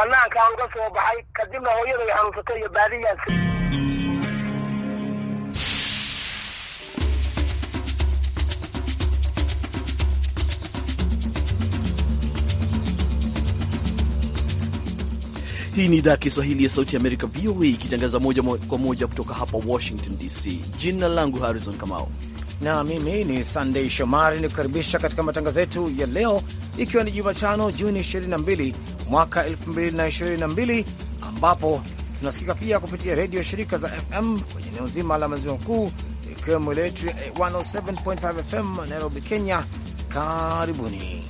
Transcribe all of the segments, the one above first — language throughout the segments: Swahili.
aan uga soo baxay kadibna hooyaday xanuunsatay iyo baadiyaas Hii ni idhaa ya Kiswahili ya Sauti ya Amerika, VOA, ikitangaza moja kwa moja kutoka hapa Washington DC. Jina langu Harrison Kamau na mimi ni Sandei Shomari, ni kukaribisha katika matangazo yetu ya leo, ikiwa ni Jumatano Juni mwaka 2022 ambapo tunasikika pia kupitia redio shirika za FM kwenye eneo zima la maziwa makuu ikiwemo letu 107.5 FM Nairobi, Kenya. Karibuni.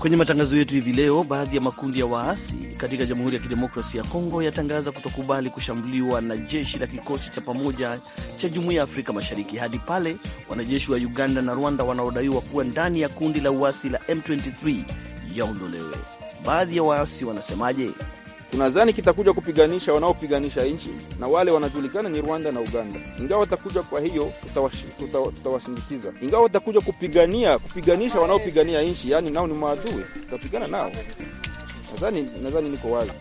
Kwenye matangazo yetu hivi leo, baadhi ya makundi ya waasi katika Jamhuri ya Kidemokrasia ya Kongo yatangaza kutokubali kushambuliwa na jeshi la kikosi cha pamoja cha Jumuiya ya Afrika Mashariki hadi pale wanajeshi wa Uganda na Rwanda wanaodaiwa kuwa ndani ya kundi la uasi la M23 yaondolewe. Baadhi ya waasi wanasemaje? tunadhani kitakuja kupiganisha wanaopiganisha nchi na wale wanajulikana ni Rwanda na Uganda. Ingawa watakuja, kwa hiyo tutawasindikiza, tuta, ingawa watakuja kupigania kupiganisha wanaopigania nchi, yaani nao ni maadui, tutapigana nao. Nadhani nadhani niko wazi.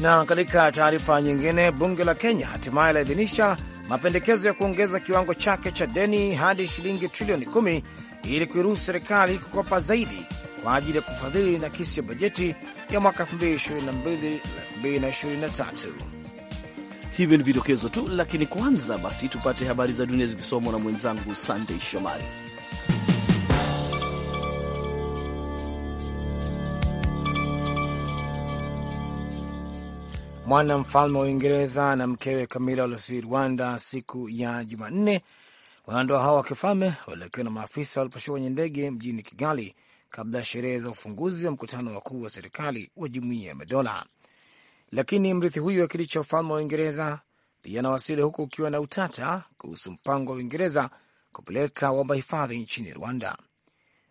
Na katika taarifa nyingine, bunge la Kenya hatimaye laidhinisha mapendekezo ya kuongeza kiwango chake cha deni hadi shilingi trilioni kumi ili kuiruhusu serikali kukopa zaidi kwa ajili ya kufadhili nakisi ya bajeti ya mwaka 2022 2023. Hivyo ni vidokezo tu, lakini kwanza basi tupate habari za dunia zikisomwa na mwenzangu Sandey Shomari. Mwana mfalme wa Uingereza na mkewe Kamila waliosiri Rwanda siku ya Jumanne. Wanandoa hao wa kifalme walilakiwa na maafisa waliposhuka kwenye ndege mjini Kigali kabla ya sherehe za ufunguzi wa mkutano wakuu wa serikali wa Jumuiya ya Madola. Lakini mrithi huyo wa kiti cha ufalme wa Uingereza pia anawasili huku ukiwa na utata kuhusu mpango wa Uingereza kupeleka waomba hifadhi nchini Rwanda.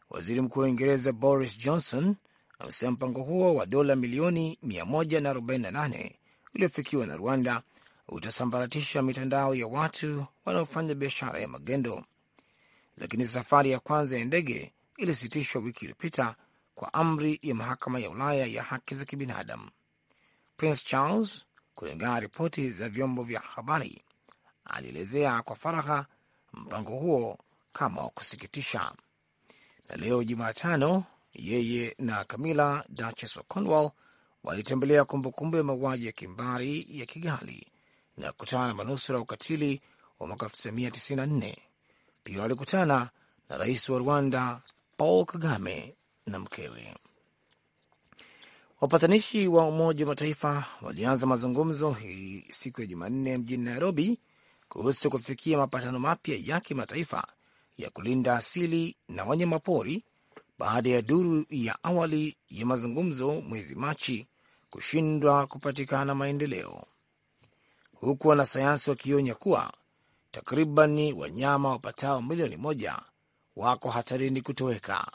Waziri Mkuu wa Uingereza Boris Johnson amesema mpango huo wa dola milioni 148 uliofikiwa na Rwanda utasambaratisha mitandao ya watu wanaofanya biashara ya magendo. Lakini safari ya kwanza ya ndege ilisitishwa wiki iliyopita kwa amri ya mahakama ya Ulaya ya haki za kibinadamu. Prince Charles, kulingana na ripoti za vyombo vya habari, alielezea kwa faragha mpango huo kama wa kusikitisha. Na leo Jumatano, yeye na Camilla, Duchess wa Cornwall, walitembelea kumbukumbu ya mauaji ya kimbari ya Kigali na kukutana na manusura ya ukatili wa mwaka 1994. Pia walikutana na rais wa Rwanda Paul Kagame na mkewe. Wapatanishi wa Umoja wa Mataifa walianza mazungumzo hii siku ya Jumanne mjini Nairobi kuhusu kufikia mapatano mapya ya kimataifa ya kulinda asili na wanyamapori baada ya duru ya awali ya mazungumzo mwezi Machi kushindwa kupatikana maendeleo, huku wanasayansi wakionya kuwa takriban wanyama wapatao milioni moja wako hatarini kutoweka.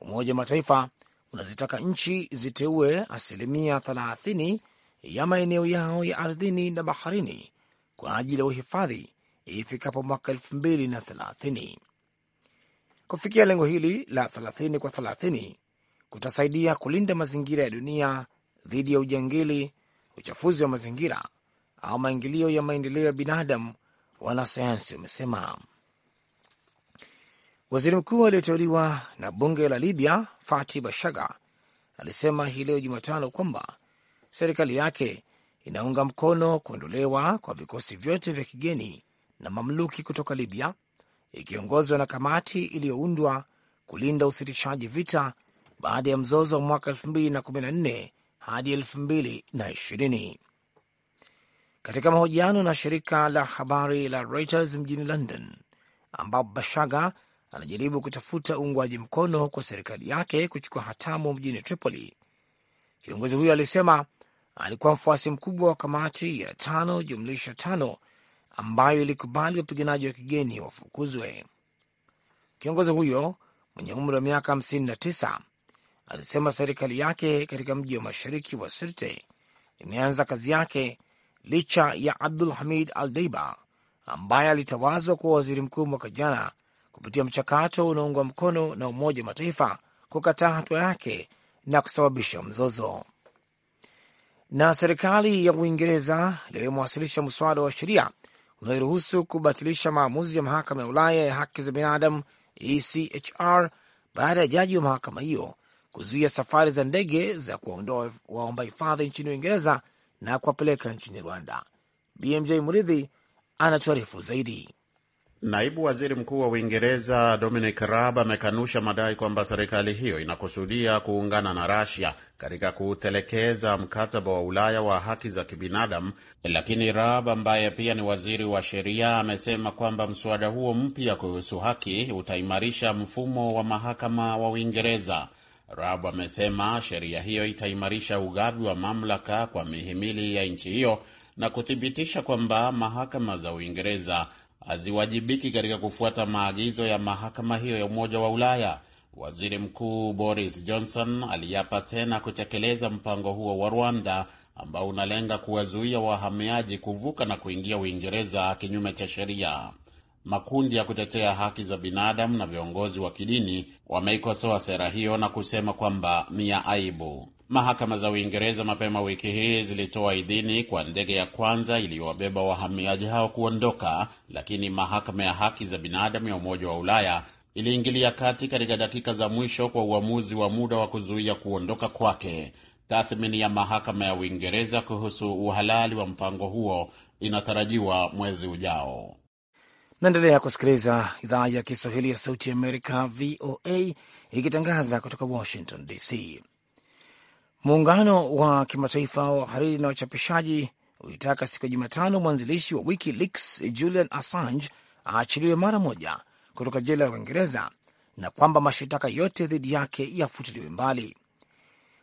Umoja wa Mataifa unazitaka nchi ziteue asilimia 30 ya maeneo yao ya ardhini na baharini kwa ajili ya uhifadhi ifikapo mwaka 2030. Kufikia lengo hili la 30 kwa 30 kutasaidia kulinda mazingira ya dunia dhidi ya ujangili, uchafuzi wa mazingira au maingilio ya maendeleo ya binadamu, wanasayansi wamesema. Waziri mkuu aliyeteuliwa na bunge la Libya Fati Bashaga alisema hii leo Jumatano kwamba serikali yake inaunga mkono kuondolewa kwa vikosi vyote vya kigeni na mamluki kutoka Libya, ikiongozwa na kamati iliyoundwa kulinda usitishaji vita baada ya mzozo wa mwaka 2014 hadi 2020. Katika mahojiano na shirika la habari la Reuters mjini London, ambapo Bashaga anajaribu kutafuta uungwaji mkono kwa serikali yake kuchukua hatamu mjini Tripoli. Kiongozi huyo alisema alikuwa mfuasi mkubwa wa kamati ya tano jumlisha tano ambayo ilikubali wapiganaji wa kigeni wafukuzwe. Kiongozi huyo mwenye umri wa miaka 59 alisema serikali yake katika mji wa mashariki wa Sirte imeanza kazi yake licha ya Abdul Hamid Al Deiba ambaye alitawazwa kuwa waziri mkuu mwaka jana kupitia mchakato unaoungwa mkono na Umoja wa Mataifa kukataa hatua yake na kusababisha mzozo. Na serikali ya Uingereza leo imewasilisha mswada wa sheria unaoruhusu kubatilisha maamuzi ya mahakama ya Ulaya ya haki za binadamu ECHR baada ya jaji wa mahakama hiyo kuzuia safari za ndege za kuwaondoa waomba hifadhi nchini Uingereza na kuwapeleka nchini Rwanda. BMJ Muridhi anatuarifu zaidi. Naibu waziri mkuu wa Uingereza Dominic Raab amekanusha madai kwamba serikali hiyo inakusudia kuungana na rasia katika kutelekeza mkataba wa Ulaya wa haki za kibinadamu, lakini Raab ambaye pia ni waziri wa sheria amesema kwamba mswada huo mpya kuhusu haki utaimarisha mfumo wa mahakama wa Uingereza. Raab amesema sheria hiyo itaimarisha ugavi wa mamlaka kwa mihimili ya nchi hiyo na kuthibitisha kwamba mahakama za Uingereza haziwajibiki katika kufuata maagizo ya mahakama hiyo ya Umoja wa Ulaya. Waziri Mkuu Boris Johnson aliapa tena kutekeleza mpango huo wa Rwanda ambao unalenga kuwazuia wahamiaji kuvuka na kuingia Uingereza kinyume cha sheria. Makundi ya kutetea haki za binadamu na viongozi wa kidini wameikosoa sera hiyo na kusema kwamba ni ya aibu. Mahakama za Uingereza mapema wiki hii zilitoa idhini kwa ndege ya kwanza iliyowabeba wahamiaji hao kuondoka, lakini mahakama ya haki za binadamu ya Umoja wa Ulaya iliingilia kati katika dakika za mwisho kwa uamuzi wa muda wa kuzuia kuondoka kwake. Tathmini ya mahakama ya Uingereza kuhusu uhalali wa mpango huo inatarajiwa mwezi ujao. Naendelea kusikiliza idhaa ya Kiswahili ya Sauti ya Amerika, VOA, ikitangaza kutoka Washington DC. Muungano wa kimataifa wa wahariri na wachapishaji ulitaka siku ya Jumatano mwanzilishi wa WikiLeaks Julian Assange aachiliwe mara moja kutoka jela ya Uingereza na kwamba mashitaka yote dhidi yake yafutiliwe mbali.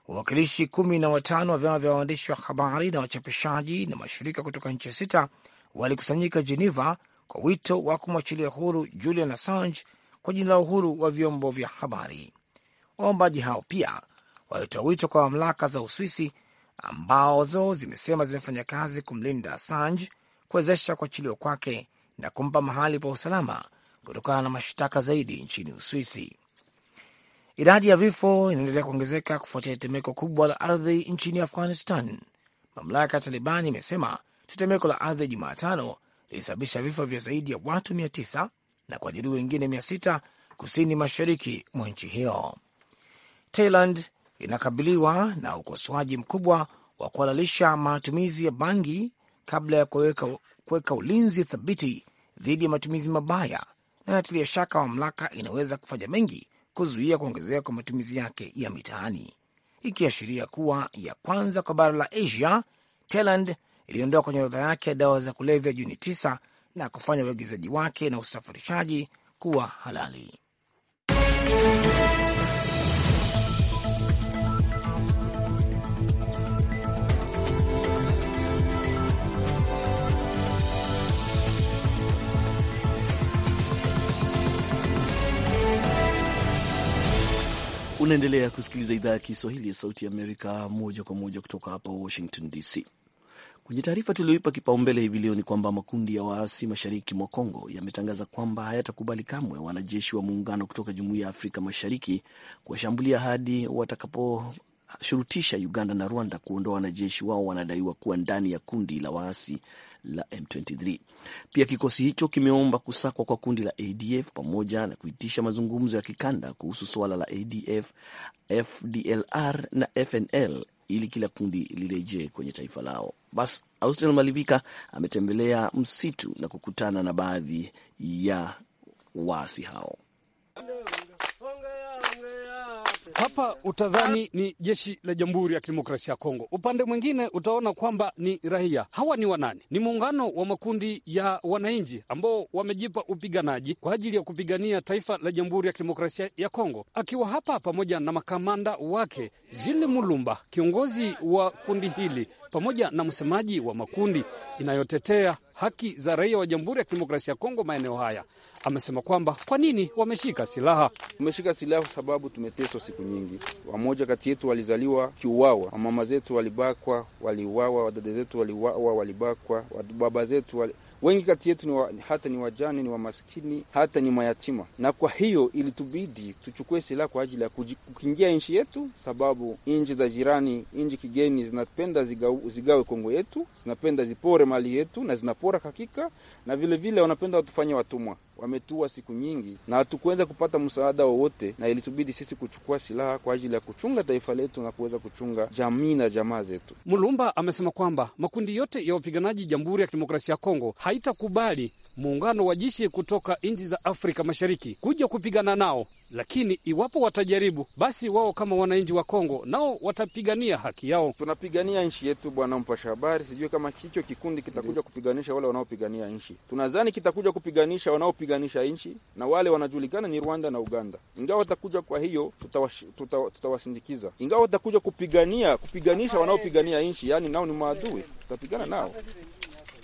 Wawakilishi kumi na watano wa vyama vya waandishi wa habari na wachapishaji na mashirika kutoka nchi sita walikusanyika Geneva kwa wito wa kumwachilia huru Julian Assange kwa jina la uhuru wa vyombo vya habari. Waombaji hao pia walitoa wito kwa mamlaka za Uswisi ambazo zimesema zimefanya kazi kumlinda Assange, kuwezesha kuachiliwa kwake na kumpa mahali pa usalama kutokana na mashtaka zaidi nchini Uswisi. Idadi ya vifo inaendelea kuongezeka kufuatia tetemeko kubwa la ardhi nchini Afghanistan. Mamlaka ya Taliban imesema tetemeko la ardhi Jumatano lilisababisha vifo vya zaidi ya watu 900 na kujeruhi wengine 600 kusini mashariki mwa nchi hiyo. Thailand inakabiliwa na ukosoaji mkubwa wa kuhalalisha matumizi ya bangi kabla ya kuweka ulinzi thabiti dhidi ya matumizi mabaya, na inatilia shaka mamlaka inaweza kufanya mengi kuzuia kuongezeka kwa matumizi yake ya mitaani, ikiashiria kuwa ya kwanza kwa bara la Asia. Thailand iliondoa kwenye orodha yake ya dawa za kulevya Juni 9 na kufanya uagizaji wake na usafirishaji kuwa halali. Unaendelea kusikiliza idhaa ya Kiswahili ya Sauti ya Amerika moja kwa moja kutoka hapa Washington DC. Kwenye taarifa tulioipa kipaumbele hivi leo ni kwamba makundi ya waasi mashariki mwa Kongo yametangaza kwamba hayatakubali kamwe wanajeshi wa muungano kutoka Jumuiya ya Afrika Mashariki kuwashambulia hadi watakaposhurutisha Uganda na Rwanda kuondoa wanajeshi wao wanadaiwa kuwa ndani ya kundi la waasi la M23. Pia kikosi hicho kimeomba kusakwa kwa kundi la ADF pamoja na kuitisha mazungumzo ya kikanda kuhusu suala la ADF, FDLR na FNL ili kila kundi lirejee kwenye taifa lao. Bas, Austin Malivika ametembelea msitu na kukutana na baadhi ya waasi hao. Hapa utazani ni jeshi la Jamhuri ya Kidemokrasia ya Kongo, upande mwingine utaona kwamba ni raia. Hawa ni wanani? Ni muungano wa makundi ya wananchi ambao wamejipa upiganaji kwa ajili ya kupigania taifa la Jamhuri ya Kidemokrasia ya Kongo, akiwa hapa pamoja na makamanda wake Jili Mulumba, kiongozi wa kundi hili, pamoja na msemaji wa makundi inayotetea haki za raia wa Jamhuri ya Kidemokrasia ya Kongo maeneo haya. Amesema kwamba kwa nini wameshika silaha. tumeshika silaha kwa sababu tumeteswa siku nyingi. Wamoja kati yetu walizaliwa kiuawa, wamama zetu walibakwa, waliuawa, wadada zetu waliuawa, walibakwa, wababa zetu wali Wengi kati yetu ni wa, hata ni wajane, ni wamaskini, hata ni mayatima, na kwa hiyo ilitubidi tuchukue silaha kwa ajili ya kukingia nchi yetu, sababu nchi za jirani, nchi kigeni zinapenda zigawe, zigawe Kongo yetu, zinapenda zipore mali yetu na zinapora hakika, na vilevile vile wanapenda watufanye watumwa wametua siku nyingi na hatukuweza kupata msaada wowote, na ilitubidi sisi kuchukua silaha kwa ajili ya kuchunga taifa letu na kuweza kuchunga jamii na jamaa zetu. Mulumba amesema kwamba makundi yote ya wapiganaji Jamhuri ya Kidemokrasia ya Kongo haitakubali muungano wa jeshi kutoka nchi za Afrika Mashariki kuja kupigana nao, lakini iwapo watajaribu, basi wao kama wananchi wa Kongo nao watapigania haki yao. Tunapigania nchi yetu, bwana mpasha habari. Sijui kama hicho kikundi kitakuja kupiganisha wale wanaopigania nchi. Tunadhani kitakuja kupiganisha wanaopigania kupiganisha nchi, na wale wanajulikana ni Rwanda na Uganda. Ingawa watakuja, kwa hiyo tutawasindikiza, tuta, tuta ingawa watakuja kupigania kupiganisha wanaopigania nchi, yani nao ni maadui, tutapigana nao.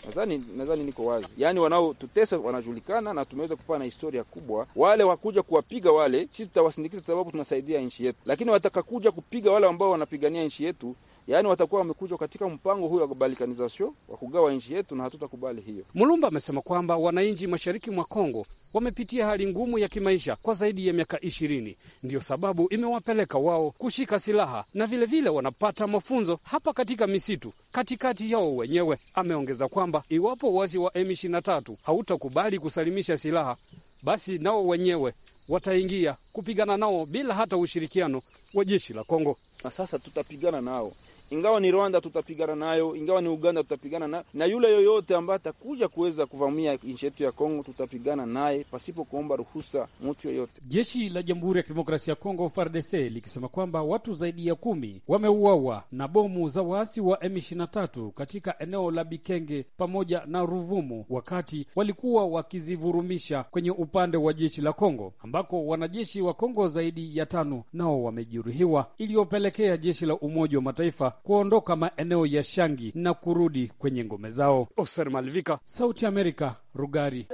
Nadhani nadhani niko wazi, yaani wanaotutesa wanajulikana na tumeweza kupata na historia kubwa. Wale wakuja kuwapiga wale, sisi tutawasindikiza, sababu tunasaidia nchi yetu, lakini watakakuja kupiga wale ambao wanapigania nchi yetu yaani watakuwa wamekuja katika mpango huyo wa balkanization wa kugawa nchi yetu, na hatutakubali hiyo. Mulumba amesema kwamba wananchi mashariki mwa Kongo wamepitia hali ngumu ya kimaisha kwa zaidi ya miaka ishirini. Ndiyo sababu imewapeleka wao kushika silaha na vilevile vile wanapata mafunzo hapa katika misitu katikati yao wenyewe. Ameongeza kwamba iwapo wazi wa M23 hautakubali kusalimisha silaha, basi nao wenyewe wataingia kupigana nao bila hata ushirikiano wa jeshi la Kongo. Na sasa tutapigana nao ingawa ni Rwanda tutapigana nayo, ingawa ni Uganda tutapigana nayo, na yule yoyote ambaye atakuja kuweza kuvamia nchi yetu ya Kongo tutapigana naye pasipo kuomba ruhusa mtu yoyote. Jeshi la Jamhuri ya Kidemokrasia ya Kongo FARDC likisema kwamba watu zaidi ya kumi wameuawa na bomu za waasi wa M23 katika eneo la Bikenge pamoja na Ruvumu wakati walikuwa wakizivurumisha kwenye upande wa jeshi la Kongo ambako wanajeshi wa Kongo zaidi ya tano nao wamejeruhiwa, iliyopelekea jeshi la Umoja wa Mataifa kuondoka maeneo ya Shangi na kurudi kwenye ngome zao. Oser Malivika, Sauti Amerika, Rugari.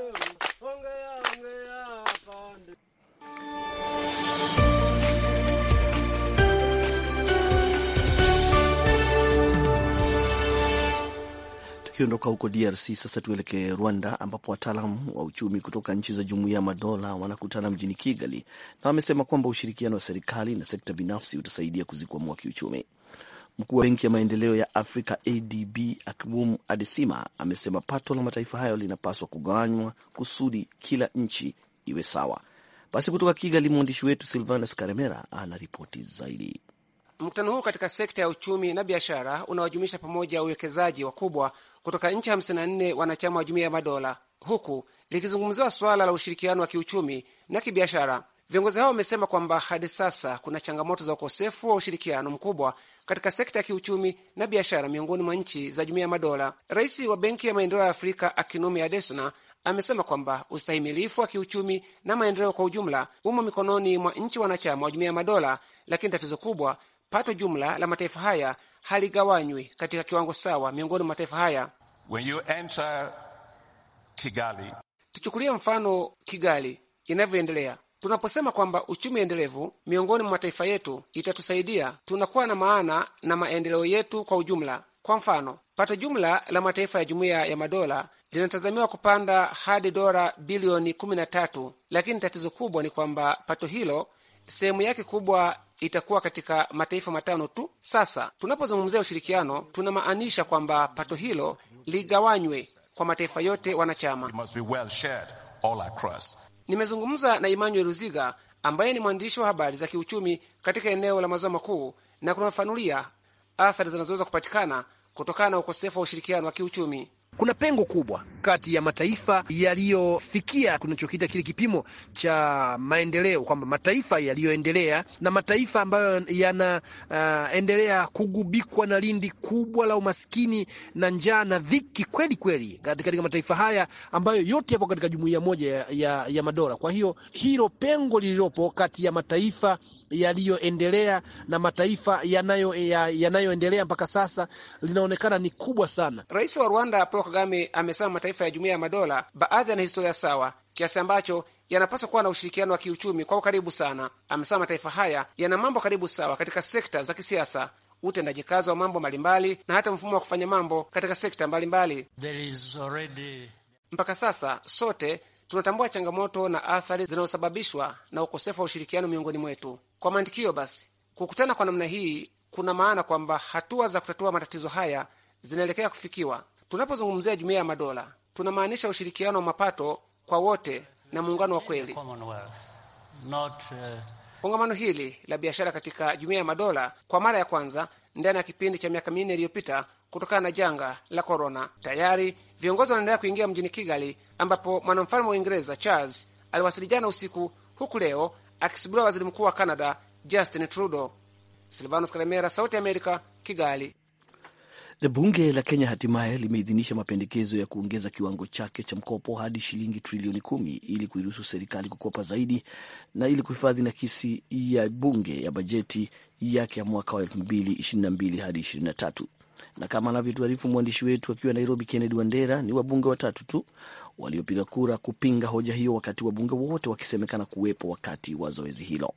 Tukiondoka huko DRC sasa tuelekee Rwanda, ambapo wataalam wa uchumi kutoka nchi za jumuiya ya madola wanakutana mjini Kigali na wamesema kwamba ushirikiano wa serikali na sekta binafsi utasaidia kuzikwamua kiuchumi. Mkuu wa Benki ya Maendeleo ya Afrika ADB akibum Adesima amesema pato la mataifa hayo linapaswa kugawanywa kusudi kila nchi iwe sawa. Basi kutoka Kigali, mwandishi wetu Silvanus Karemera ana ripoti zaidi. Mkutano huu katika sekta ya uchumi na biashara unawajumuisha pamoja uwekezaji wakubwa kutoka nchi 54 wanachama wa Jumuiya ya Madola, huku likizungumziwa suala la ushirikiano wa kiuchumi na kibiashara. Viongozi hao wamesema kwamba hadi sasa kuna changamoto za ukosefu wa ushirikiano mkubwa katika sekta ya kiuchumi na biashara miongoni mwa nchi za Jumuiya ya Madola. Rais wa Benki ya Maendeleo ya Afrika akinumi Adesina amesema kwamba ustahimilifu wa kiuchumi na maendeleo kwa ujumla umo mikononi mwa nchi wanachama wa Jumuiya ya Madola, lakini tatizo kubwa, pato jumla la mataifa haya haligawanywi katika kiwango sawa miongoni mwa mataifa haya. When you enter Kigali, tuchukulie mfano Kigali inavyoendelea Tunaposema kwamba uchumi endelevu miongoni mwa mataifa yetu itatusaidia, tunakuwa na maana na maendeleo yetu kwa ujumla. Kwa mfano, pato jumla la mataifa ya Jumuiya ya Madola linatazamiwa kupanda hadi dola bilioni 13, lakini tatizo kubwa ni kwamba pato hilo sehemu yake kubwa itakuwa katika mataifa matano tu. Sasa tunapozungumzia ushirikiano, tunamaanisha kwamba pato hilo ligawanywe kwa mataifa yote wanachama. Nimezungumza na Emmanuel Ruziga ambaye ni mwandishi wa habari za kiuchumi katika eneo la maziwa makuu na kunafanulia athari zinazoweza kupatikana kutokana na ukosefu wa ushirikiano wa kiuchumi kuna pengo kubwa kati ya mataifa yaliyofikia kunachokita kile kipimo cha maendeleo, kwamba mataifa yaliyoendelea na mataifa ambayo yanaendelea uh, kugubikwa na lindi kubwa la umaskini na njaa na dhiki kweli kweli, katika mataifa haya ambayo yote yapo katika jumuiya moja ya, ya, ya madola. Kwa hiyo hilo pengo lililopo kati ya mataifa yaliyoendelea na mataifa yanayoendelea ya, yanayoendelea mpaka sasa linaonekana ni kubwa sana. Rais wa Rwanda Kagame amesema mataifa ya jumuiya ya madola baadhi yana historia sawa kiasi ambacho yanapaswa kuwa na ushirikiano wa kiuchumi kwa ukaribu sana. Amesema mataifa haya yana mambo karibu sawa katika sekta za kisiasa, utendaji kazi wa mambo mbalimbali na hata mfumo wa kufanya mambo katika sekta mbalimbali already... mpaka sasa sote tunatambua changamoto na athari zinazosababishwa na ukosefu wa ushirikiano miongoni mwetu. Kwa maandikio basi, kukutana kwa namna hii kuna maana kwamba hatua za kutatua matatizo haya zinaelekea kufikiwa Tunapozungumzia jumuiya ya madola, tunamaanisha ushirikiano wa mapato kwa wote na muungano wa kweli. Uh, Kongamano hili la biashara katika jumuiya ya madola kwa mara ya kwanza ndani ya kipindi cha miaka minne iliyopita kutokana na janga la korona. Tayari viongozi wanaendelea kuingia mjini Kigali, ambapo mwanamfalme wa Uingereza Charles aliwasili jana usiku, huku leo akisubiriwa waziri mkuu wa Canada Justin Trudeau. Silvanos caremera Sauti ya Amerika, Kigali bunge la Kenya hatimaye limeidhinisha mapendekezo ya kuongeza kiwango chake cha mkopo hadi shilingi trilioni kumi ili kuiruhusu serikali kukopa zaidi na ili kuhifadhi nakisi ya bunge ya bajeti yake ya mwaka wa 2022 hadi na kama anavyotuarifu mwandishi wetu akiwa Nairobi, Kennedy Wandera, ni wabunge watatu tu waliopiga kura kupinga hoja hiyo, wakati wabunge wote wakisemekana kuwepo wakati wa zoezi hilo.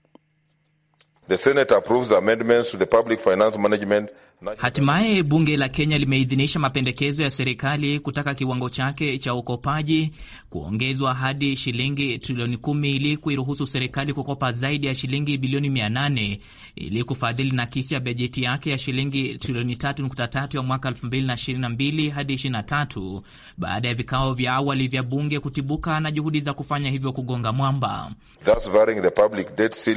Hatimaye bunge la Kenya limeidhinisha mapendekezo ya serikali kutaka kiwango chake cha ukopaji kuongezwa hadi shilingi trilioni kumi ili kuiruhusu serikali kukopa zaidi ya shilingi bilioni mia nane ili kufadhili nakisi ya bajeti yake ya shilingi trilioni tatu nukta tatu ya mwaka elfu mbili na ishirini na mbili hadi ishirini na tatu baada ya vikao vya awali vya bunge kutibuka na juhudi za kufanya hivyo kugonga mwamba That's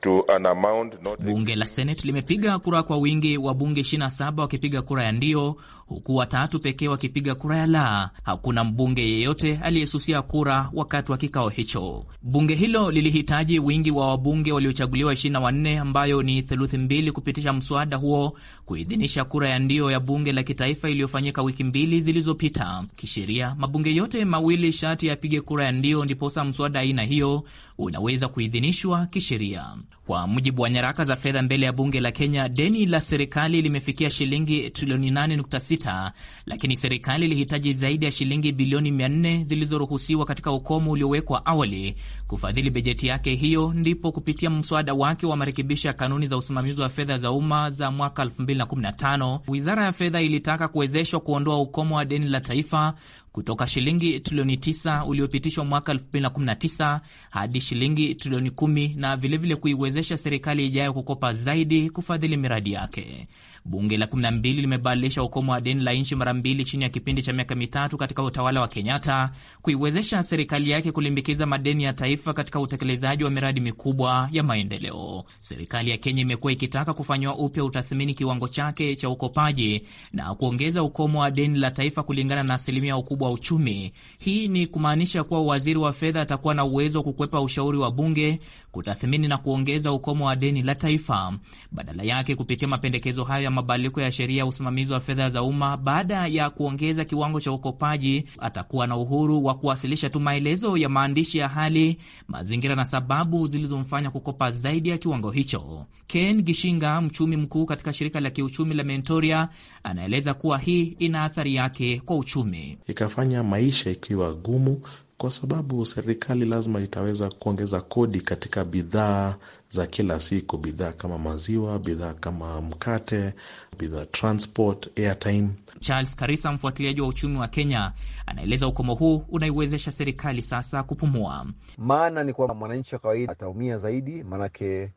To an amount not... Bunge la Senate limepiga kura kwa wingi wa bunge 27 wakipiga kura ya ndio, huku watatu pekee wakipiga kura ya la. Hakuna mbunge yeyote aliyesusia kura wakati wa kikao hicho. Bunge hilo lilihitaji wingi wa wabunge waliochaguliwa 24 ambayo ni theluthi mbili kupitisha mswada huo, kuidhinisha kura ya ndio ya bunge la kitaifa iliyofanyika wiki mbili zilizopita. Kisheria, mabunge yote mawili sharti yapige kura ya ndio, ndiposa mswada aina hiyo unaweza kuidhinishwa kisheria. Kwa mujibu wa nyaraka za fedha mbele ya bunge la Kenya, deni la serikali limefikia shilingi trilioni 8.6 iliyopita, lakini serikali ilihitaji zaidi ya shilingi bilioni 400 zilizoruhusiwa katika ukomo uliowekwa awali kufadhili bajeti yake. Hiyo ndipo kupitia mswada wake wa marekebisho ya kanuni za usimamizi wa fedha za umma za mwaka 2015 wizara ya fedha ilitaka kuwezeshwa kuondoa ukomo wa deni la taifa kutoka shilingi trilioni 9 uliopitishwa mwaka 2019 hadi shilingi trilioni 10 na vilevile kuiwezesha serikali ijayo kukopa zaidi kufadhili miradi yake. Bunge la 12 limebadilisha ukomo wa deni la nchi mara mbili chini ya kipindi cha miaka mitatu katika utawala wa Kenyatta, kuiwezesha serikali yake kulimbikiza madeni ya taifa katika utekelezaji wa miradi mikubwa ya maendeleo. Serikali ya Kenya imekuwa ikitaka kufanyiwa upya utathmini kiwango chake cha ukopaji na kuongeza ukomo wa deni la taifa kulingana na asilimia ukubwa wa uchumi. Hii ni kumaanisha kuwa waziri wa fedha atakuwa na uwezo wa kukwepa ushauri wa bunge kutathmini na kuongeza ukomo wa deni la taifa. Badala yake, kupitia mapendekezo hayo ya mabadiliko ya sheria ya usimamizi wa fedha za umma, baada ya kuongeza kiwango cha ukopaji, atakuwa na uhuru wa kuwasilisha tu maelezo ya maandishi ya hali, mazingira na sababu zilizomfanya kukopa zaidi ya kiwango hicho. Ken Gishinga, mchumi mkuu katika shirika la kiuchumi la Mentoria, anaeleza kuwa hii ina athari yake kwa uchumi, ikafanya maisha ikiwa gumu kwa sababu serikali lazima itaweza kuongeza kodi katika bidhaa za kila siku, bidhaa kama maziwa, bidhaa kama mkate, bidhaa transport, airtime. Charles Karisa, mfuatiliaji wa uchumi wa Kenya, anaeleza ukomo huu unaiwezesha serikali sasa kupumua. Maana ni kwamba mwananchi wa kawaida ataumia zaidi, maanake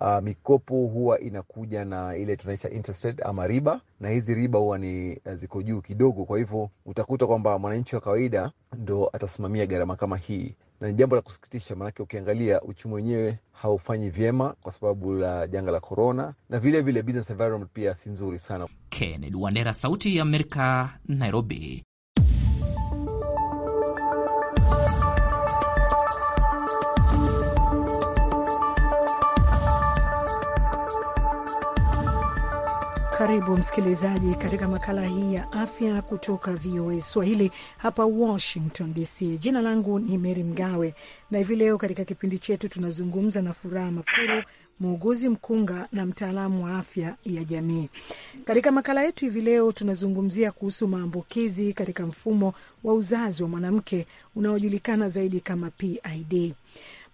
uh, mikopo huwa inakuja na ile tunaita interest rate ama riba, na hizi riba huwa ni eh, ziko juu kidogo. Kwa hivyo utakuta kwamba mwananchi wa kawaida ndo atasimamia gharama kama hii, na ni jambo la kusikitisha, maanake ukiangalia uchumi wenyewe haufanyi vyema kwa sababu la janga la korona, na vilevile business environment pia si nzuri sana. Kennedy Wandera, Sauti ya Amerika, Nairobi. Karibu msikilizaji katika makala hii ya afya kutoka VOA Swahili hapa Washington DC. Jina langu ni mery Mgawe na hivi leo katika kipindi chetu tunazungumza na Furaha Mafuru, muuguzi mkunga na mtaalamu wa afya ya jamii. Katika makala yetu hivi leo tunazungumzia kuhusu maambukizi katika mfumo wa uzazi wa mwanamke unaojulikana zaidi kama PID.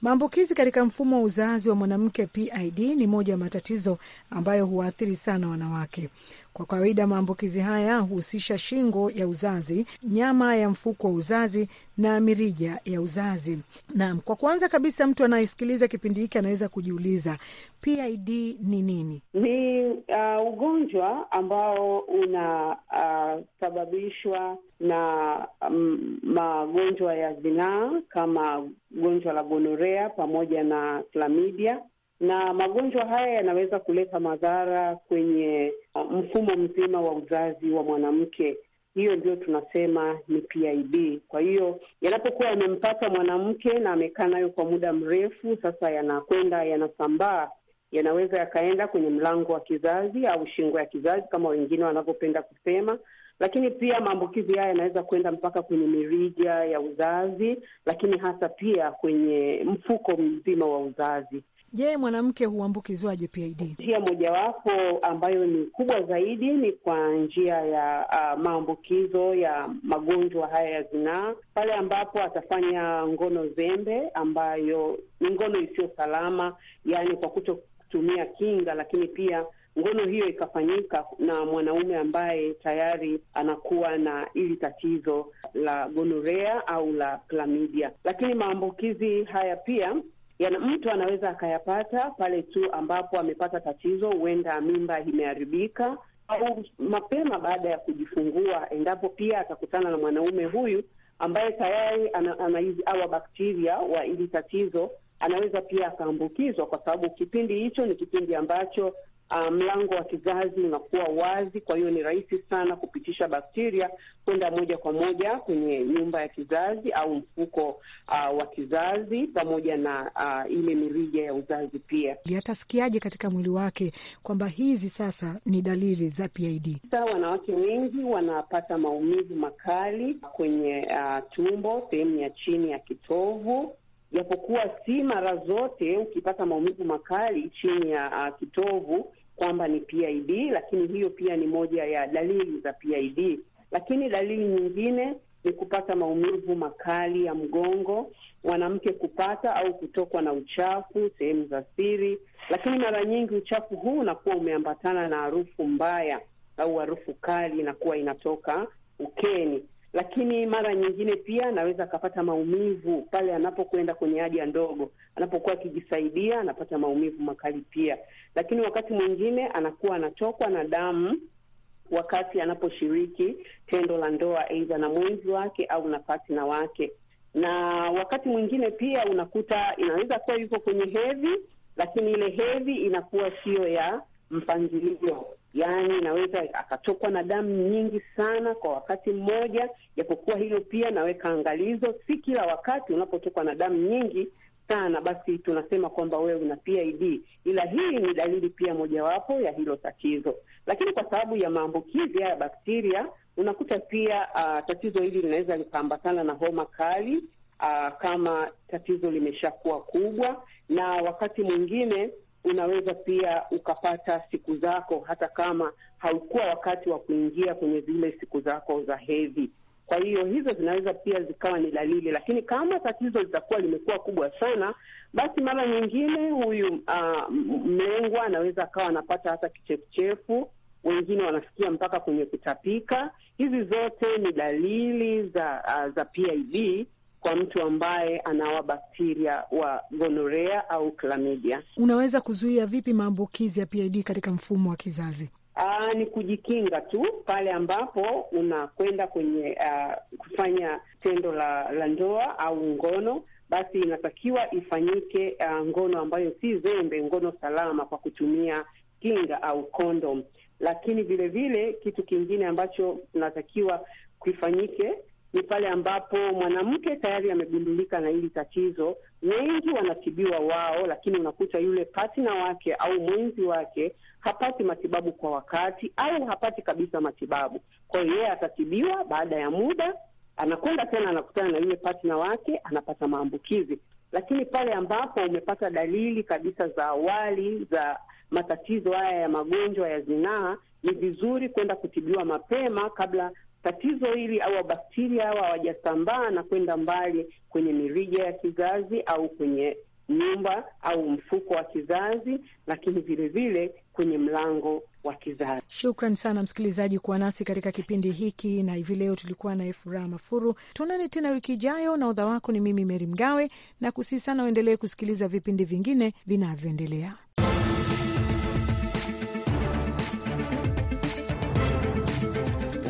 Maambukizi katika mfumo wa uzazi wa mwanamke PID ni moja ya matatizo ambayo huwaathiri sana wanawake. Kwa kawaida maambukizi haya huhusisha shingo ya uzazi, nyama ya mfuko wa uzazi na mirija ya uzazi. Naam, kwa kwanza kabisa, mtu anayesikiliza kipindi hiki anaweza kujiuliza PID ni nini? Ni uh, ugonjwa ambao unasababishwa uh, na um, magonjwa ya zinaa kama gonjwa la gonorea pamoja na klamidia na magonjwa haya yanaweza kuleta madhara kwenye uh, mfumo mzima wa uzazi wa mwanamke. Hiyo ndio tunasema ni PID. Kwa hiyo yanapokuwa yamempata mwanamke na amekaa nayo kwa muda mrefu, sasa yanakwenda yanasambaa, yanaweza yakaenda kwenye mlango wa kizazi au shingo ya kizazi kama wengine wanavyopenda kusema, lakini pia maambukizi haya yanaweza kwenda mpaka kwenye mirija ya uzazi, lakini hasa pia kwenye mfuko mzima wa uzazi. Je, mwanamke huambukizwaje PID? Njia mojawapo ambayo ni kubwa zaidi ni kwa njia ya uh, maambukizo ya magonjwa haya ya zinaa, pale ambapo atafanya ngono zembe, ambayo ni ngono isiyo salama, yaani kwa kuto kutumia kinga, lakini pia ngono hiyo ikafanyika na mwanaume ambaye tayari anakuwa na hili tatizo la gonorea au la klamidia. Lakini maambukizi haya pia yana mtu anaweza akayapata pale tu ambapo amepata tatizo, huenda mimba imeharibika au mapema baada ya kujifungua, endapo pia atakutana na mwanaume huyu ambaye tayari hizi awa bakteria wa hili tatizo, anaweza pia akaambukizwa, kwa sababu kipindi hicho ni kipindi ambacho uh, mlango wa kizazi unakuwa wazi, kwa hiyo ni rahisi sana kupitisha bakteria kwenda moja kwa moja kwenye nyumba ya kizazi au mfuko uh, wa kizazi pamoja na uh, ile mirija ya uzazi. Pia atasikiaje katika mwili wake kwamba hizi sasa ni dalili za PID? Sasa wanawake wengi wanapata maumivu makali kwenye uh, tumbo, sehemu ya chini ya kitovu japokuwa si mara zote ukipata maumivu makali chini ya uh, kitovu kwamba ni PID, lakini hiyo pia ni moja ya dalili za PID. Lakini dalili nyingine ni kupata maumivu makali ya mgongo, mwanamke kupata au kutokwa na uchafu sehemu za siri, lakini mara nyingi uchafu huu unakuwa umeambatana na harufu mbaya au harufu kali inakuwa inatoka ukeni lakini mara nyingine pia anaweza akapata maumivu pale anapokwenda kwenye haja ndogo. Anapokuwa akijisaidia anapata maumivu makali pia, lakini wakati mwingine anakuwa anatokwa na damu wakati anaposhiriki tendo la ndoa, aidha na mwenzi wake au na partner wake. Na wakati mwingine pia unakuta inaweza kuwa yuko kwenye hedhi, lakini ile hedhi inakuwa siyo ya mpangilio yaani naweza akatokwa na damu nyingi sana kwa wakati mmoja, japokuwa hilo pia naweka angalizo, si kila wakati unapotokwa na damu nyingi sana basi tunasema kwamba wewe una PID, ila hii ni dalili pia mojawapo ya hilo tatizo. Lakini kwa sababu ya maambukizi haya bakteria, unakuta pia uh, tatizo hili linaweza likaambatana na homa kali uh, kama tatizo limeshakuwa kubwa, na wakati mwingine unaweza pia ukapata siku zako hata kama haukuwa wakati wa kuingia kwenye zile siku zako za hedhi. Kwa hiyo hizo zinaweza pia zikawa ni dalili, lakini kama tatizo litakuwa limekuwa kubwa sana, basi mara nyingine huyu uh, mlengwa anaweza akawa anapata hata kichefuchefu, wengine wanafikia mpaka kwenye kutapika. Hizi zote ni dalili za uh, za PID kwa mtu ambaye anawa bakteria wa gonorea au klamidia. Unaweza kuzuia vipi maambukizi ya PID katika mfumo wa kizazi? Aa, ni kujikinga tu pale ambapo unakwenda kwenye uh, kufanya tendo la, la ndoa au ngono, basi inatakiwa ifanyike uh, ngono ambayo si zembe, ngono salama kwa kutumia kinga au kondom. Lakini vilevile kitu kingine ambacho tunatakiwa kifanyike ni pale ambapo mwanamke tayari amegundulika na hili tatizo. Wengi wanatibiwa wao, lakini unakuta yule patna wake au mwenzi wake hapati matibabu kwa wakati au hapati kabisa matibabu. Kwa hiyo yeye atatibiwa, baada ya muda anakwenda tena anakutana na yule patna wake, anapata maambukizi. Lakini pale ambapo umepata dalili kabisa za awali za matatizo haya ya magonjwa ya zinaa, ni vizuri kwenda kutibiwa mapema kabla tatizo hili au bakteria hawa hawajasambaa na kwenda mbali kwenye mirija ya kizazi au kwenye nyumba au mfuko wa kizazi, lakini vilevile kwenye mlango wa kizazi. Shukran sana msikilizaji kuwa nasi katika kipindi hiki, na hivi leo tulikuwa naye Furaha Mafuru. Tuonane tena wiki ijayo, na udha wako ni mimi Meri Mgawe, na kusii sana uendelee kusikiliza vipindi vingine vinavyoendelea.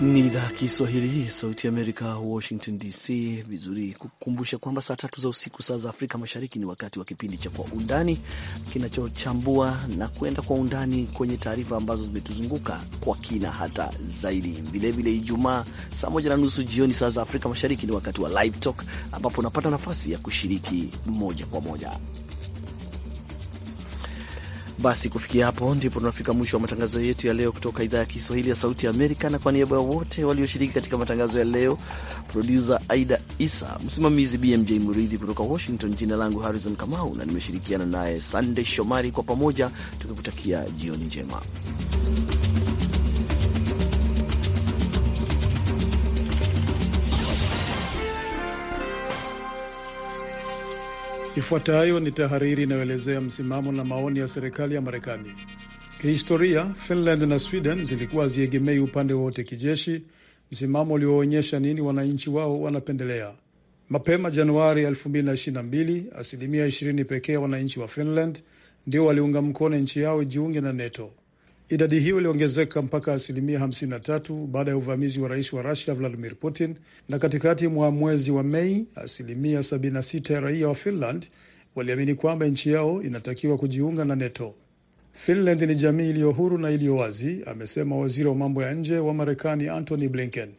Ni idhaa Kiswahili, Sauti ya Amerika, Washington DC. Vizuri kukumbusha kwamba saa tatu za usiku, saa za Afrika Mashariki, ni wakati wa kipindi cha Kwa Undani kinachochambua na kuenda kwa undani kwenye taarifa ambazo zimetuzunguka kwa kina hata zaidi. Vilevile Ijumaa saa moja na nusu jioni, saa za Afrika Mashariki, ni wakati wa Live Talk ambapo unapata nafasi ya kushiriki moja kwa moja basi kufikia hapo ndipo tunafika mwisho wa matangazo yetu ya leo kutoka idhaa ya Kiswahili ya Sauti ya Amerika, na kwa niaba ya wote walioshiriki katika matangazo ya leo, produsa Aida Isa, msimamizi BMJ Muridhi kutoka Washington, jina langu Harrison Kamau na nimeshirikiana naye Sandey Shomari, kwa pamoja tukikutakia jioni njema. Ifuatayo ni tahariri inayoelezea msimamo na maoni ya serikali ya Marekani. Kihistoria, Finland na Sweden zilikuwa haziegemei upande wowote kijeshi, msimamo ulioonyesha nini wananchi wao wanapendelea. Mapema Januari 2022 asilimia 20 pekee ya wananchi wa Finland ndio waliunga mkono nchi yao ijiunge na NATO. Idadi hiyo iliongezeka mpaka asilimia 53 baada ya uvamizi wa rais wa Rusia Vladimir Putin, na katikati mwa mwezi wa Mei asilimia 76 ya raia wa Finland waliamini kwamba nchi yao inatakiwa kujiunga na NATO. Finland ni jamii iliyo huru na iliyo wazi, amesema waziri wa mambo ya nje wa Marekani Antony Blinken.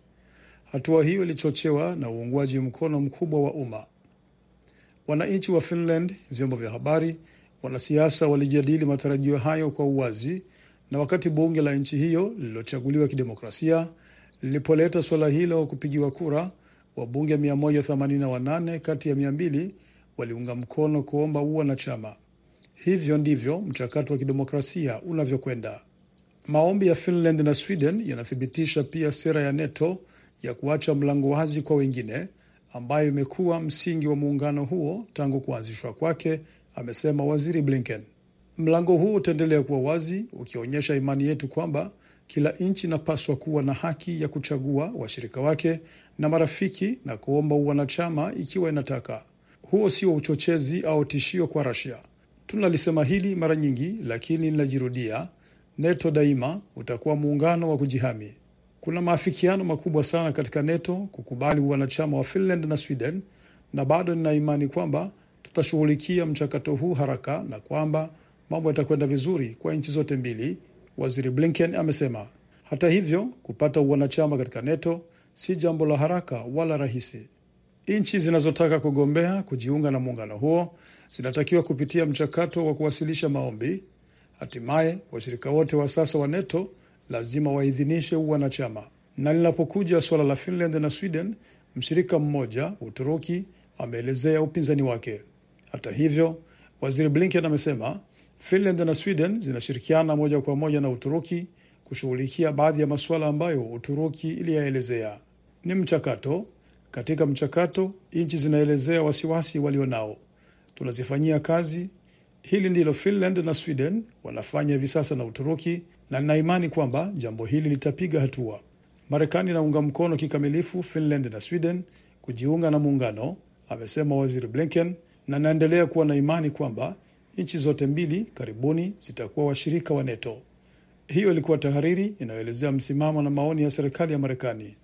Hatua hiyo ilichochewa na uungwaji mkono mkubwa wa umma. Wananchi wa Finland, vyombo vya habari, wanasiasa walijadili matarajio hayo kwa uwazi na wakati bunge la nchi hiyo lililochaguliwa kidemokrasia lilipoleta suala hilo kupigiwa kura, wabunge 188 kati ya 200 waliunga mkono kuomba uwa na chama. Hivyo ndivyo mchakato wa kidemokrasia unavyokwenda. Maombi ya Finland na Sweden yanathibitisha pia sera ya NATO ya kuacha mlango wazi kwa wengine, ambayo imekuwa msingi wa muungano huo tangu kuanzishwa kwake, amesema Waziri Blinken. Mlango huu utaendelea kuwa wazi, ukionyesha imani yetu kwamba kila nchi inapaswa kuwa na haki ya kuchagua washirika wake na marafiki na kuomba uwanachama ikiwa inataka. Huo sio uchochezi au tishio kwa Rasia. Tunalisema hili mara nyingi, lakini linajirudia. NATO daima utakuwa muungano wa kujihami. Kuna maafikiano makubwa sana katika NATO kukubali uwanachama wa Finland na Sweden, na bado nina imani kwamba tutashughulikia mchakato huu haraka na kwamba mambo yatakwenda vizuri kwa nchi zote mbili, waziri Blinken amesema. Hata hivyo, kupata uwanachama katika NATO si jambo la haraka wala rahisi. Nchi zinazotaka kugombea kujiunga na muungano huo zinatakiwa kupitia mchakato wa kuwasilisha maombi. Hatimaye washirika wote wa sasa wa NATO lazima waidhinishe uwanachama. Na linapokuja suala la Finland na Sweden, mshirika mmoja Uturuki ameelezea upinzani wake. Hata hivyo, waziri Blinken amesema Finland na Sweden zinashirikiana moja kwa moja na Uturuki kushughulikia baadhi ya masuala ambayo Uturuki iliyaelezea ni mchakato. Katika mchakato, nchi zinaelezea wasiwasi walionao, tunazifanyia kazi. Hili ndilo Finland na Sweden wanafanya hivi sasa na Uturuki, na nina imani kwamba jambo hili litapiga hatua. Marekani inaunga mkono kikamilifu Finland na Sweden kujiunga na muungano, amesema Waziri Blinken, na naendelea kuwa na imani kwamba Nchi zote mbili karibuni zitakuwa washirika wa NATO. Hiyo ilikuwa tahariri inayoelezea msimamo na maoni ya serikali ya Marekani.